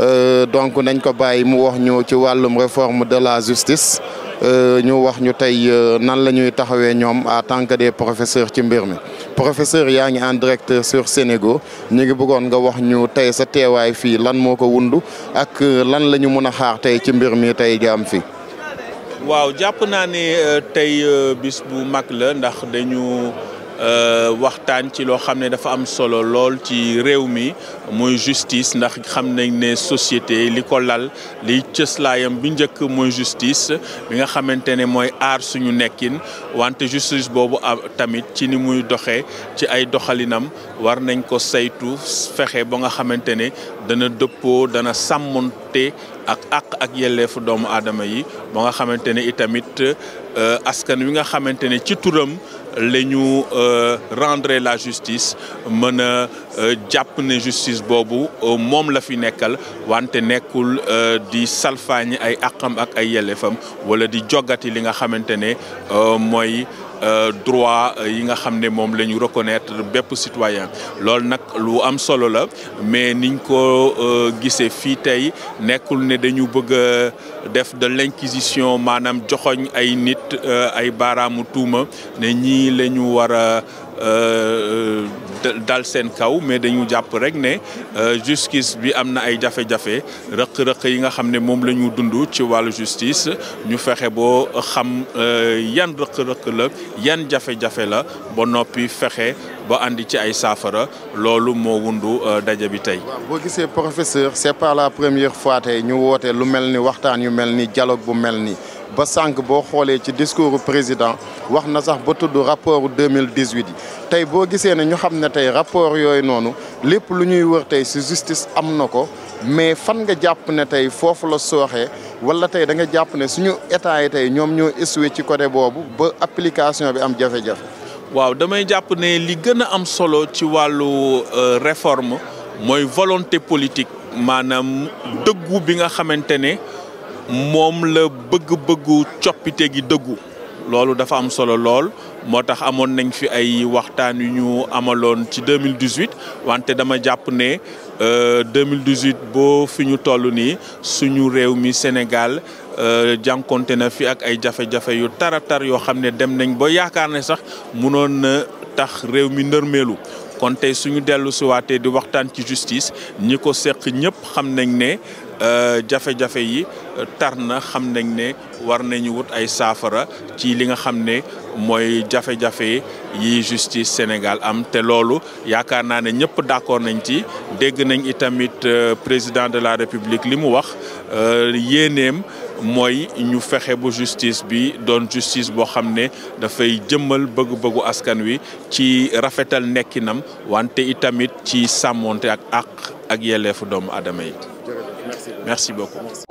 Euh, donc nañ ko bàyyi mu wax ñu ci wàllum réforme de la justice euh, ñu wax ñu tey euh, nan la ñuy taxawee ñoom en tant que des professeurs ci mbir mi professeur yaa ngi en direct sur Sénégo ñu ngi nga wax ñu tey sa teewaay fii lan moo ko wundu ak lan la ñu mën a xaar tey ci mbir mi tey gi am fii. waaw jàpp naa tey bis bu mag la ndax dañu. Euh, waxtaan ci loo xam ne dafa am solo lool ci réew mi mooy justice ndax xam nañ ne société li ko lal li cëslaayam bi njëkk mooy justice bi nga xamante ne mooy aar suñu nekkin wante justice boobu tamit ci ni muy doxee ci ay doxalinam war nañ ko saytu fexe ba nga xamante ne dana dëppoo dana sàmmoonte ak àq ak yelleefu doomu aadama yi ba nga xamante ne itamit euh, askan wi nga xamante ne ci turam la ñu euh, rendre la justice mën a euh, jàpp ne justice boobu moom la fi nekkal wante nekkul di salfaañi ay àqam ak ay yelleefam wala di jogati li nga xamante ne mooy Euh, droit euh, yi nga xam ne moom la ñu reconnaître bépp citoyen loolu nag lu am solo la mais niñ ko euh, gisee fii tey nekkul ne dañu bëgg a def de l'inquisition maanaam joxoñ ay nit ay baaraamu tuuma ne ñii lañu ñu war a dal seen kaw mais dañu jàpp rek ne euh, justice bi am na ay jafe-jafe rëq-rëq yi nga xam ne moom la ñu dund ci wàllu justice ñu fexe boo xam euh, yan rëq-rëq la yan jafe-jafe la ba noppi fexe ba andi ci ay saafara loolu moo wundu euh, daje bi tey. boo gisee professeur c'est pas la première fois tey ñu woote lu mel ni waxtaan yu mel ni dialogue bu mel nii. ba sànq boo xoolee ci discours président wax na sax ba tudd rapport 2018 yi tey boo gisee ne ñu xam ne tey rapport yooyu noonu lépp lu ñuy wër tey si justice am na ko mais fan nga jàpp ne tey foofu la sooxee wala tey da nga jàpp ne suñu état yi tey ñoom ñoo échoué ci côté boobu ba application bi am jafe-jafe. waaw damay jàpp ne li gën a am solo ci wàllu euh, réforme mooy volonté politique maanaam dëggu bi nga xamante ne. moom la bëgg-bëggu coppite gi dëggu loolu dafa am solo lool moo tax amoon nañ fi ay waxtaan yu ñu amaloon ci 2018 wante dama jàpp ne 2018 euh, boo fi ñu toll nii suñu réew mi Sénégal euh, jànkonte na fi ak ay jafe-jafe yu tara tar yoo xam ne dem nañ ba yaakaar ne sax munoon na tax réew mi ndërmeelu kon tey suñu dellu waatee di waxtaan ci justice ñi ko seq ñëpp xam nañ ne Euh, jafe-jafe yi euh, tar na xam nañ ne war nañu wut ay saafara ci li nga xam ne mooy jafe-jafe yi justice Sénégal am te loolu yaakaar naa ne ñëpp d'accord nañ ci dégg nañ itamit euh, président de la République li mu wax yéeneem mooy ñu fexe bu justice bi doon justice boo xam ne dafay jëmmal bëgg-bëggu askan wi ci rafetal nekkinam wante itamit ci sàmmonte ak àq ak yelleefu doomu aadama yi Merci beaucoup. Merci.